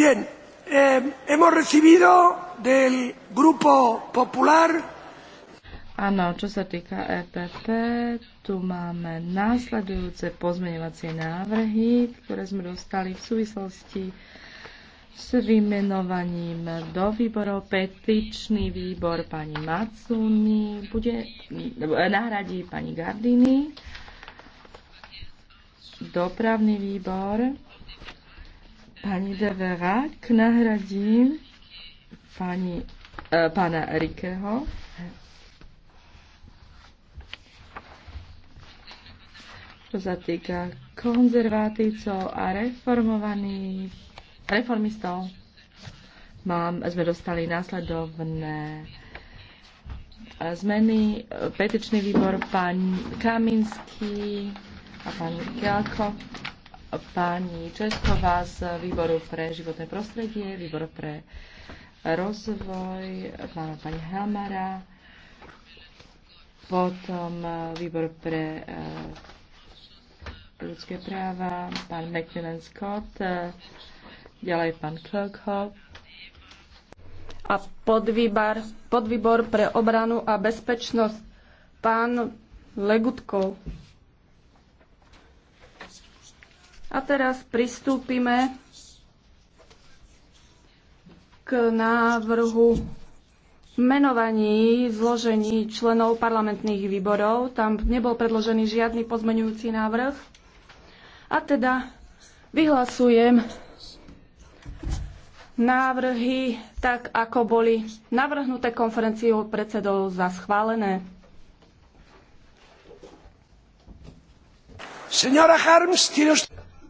Áno, čo sa týka EPP, tu máme následujúce pozmeňovacie návrhy, ktoré sme dostali v súvislosti s vymenovaním do výborov. Petičný výbor pani Macuni bude, e, nahradí pani Gardini. Dopravný výbor Pani Deverak nahradím pani, e, pana Erikeho. Čo sa týka konzervatívcov a reformovaných reformistov, mám, sme dostali následovné e, zmeny. Petičný výbor pán Kaminský a pán Kielko pani Česková z výboru pre životné prostredie, výbor pre rozvoj, pána pani Helmara potom výbor pre eh, ľudské práva, pán McMillan Scott, eh, ďalej pán Kirkhoff a podvýbar, podvýbor pre obranu a bezpečnosť, pán Legutkov. A teraz pristúpime k návrhu menovaní zložení členov parlamentných výborov. Tam nebol predložený žiadny pozmenujúci návrh. A teda vyhlasujem návrhy tak, ako boli navrhnuté konferenciou predsedov za schválené. Señora Harms, tiene usted...